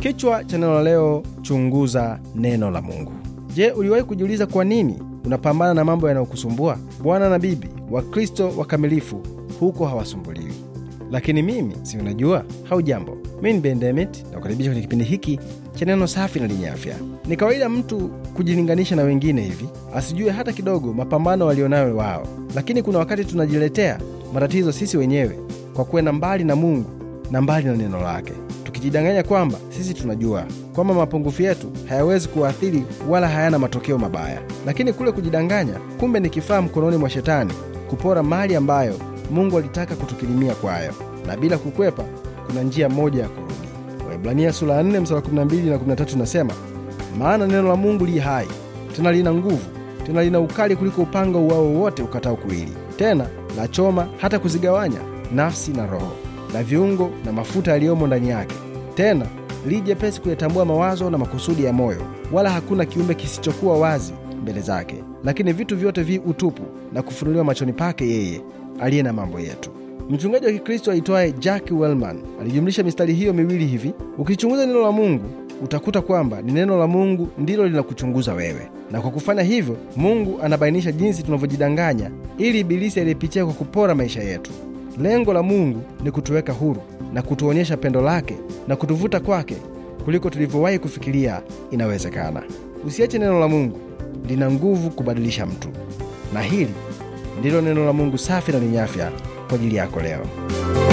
Kichwa cha neno la leo, chunguza neno la Mungu. Je, uliwahi kujiuliza kwa nini unapambana na mambo yanayokusumbua? Bwana na bibi Wakristo wakamilifu huko hawasumbuliwi, lakini mimi si unajua. jambo mimi ni Bendemit na kukaribisha kwenye kipindi hiki cha neno safi na lenye afya. Ni kawaida mtu kujilinganisha na wengine hivi, asijue hata kidogo mapambano walionayo wao, lakini kuna wakati tunajiletea matatizo sisi wenyewe kwa kwenda mbali na Mungu na mbali na neno lake tukijidanganya kwamba sisi tunajua kwamba mapungufu yetu hayawezi kuathiri wala hayana matokeo mabaya. Lakini kule kujidanganya, kumbe ni kifaa mkononi mwa Shetani kupora mali ambayo Mungu alitaka kutukilimia kwayo, na bila kukwepa, kuna njia moja ya kurudi. Waebrania sura ya 4 mstari 12 na 13 nasema, maana neno la Mungu li hai tena lina nguvu tena lina ukali kuliko upanga uwao wote ukatao kuwili, tena lachoma hata kuzigawanya nafsi na roho na viungo na mafuta yaliyomo ndani yake tena li jepesi kuyatambua mawazo na makusudi ya moyo, wala hakuna kiumbe kisichokuwa wazi mbele zake, lakini vitu vyote vi utupu na kufunuliwa machoni pake yeye aliye na mambo yetu. Mchungaji wa Kikristo aitwaye Jack Wellman alijumlisha mistari hiyo miwili hivi: ukichunguza neno la Mungu utakuta kwamba ni neno la Mungu ndilo linakuchunguza wewe, na kwa kufanya hivyo Mungu anabainisha jinsi tunavyojidanganya, ili ibilisi aliyepitia kwa kupora maisha yetu Lengo la Mungu ni kutuweka huru na kutuonyesha pendo lake na kutuvuta kwake kuliko tulivyowahi kufikiria inawezekana. Usiache neno la Mungu, lina nguvu kubadilisha mtu, na hili ndilo neno la Mungu safi na lenye afya kwa ajili yako leo.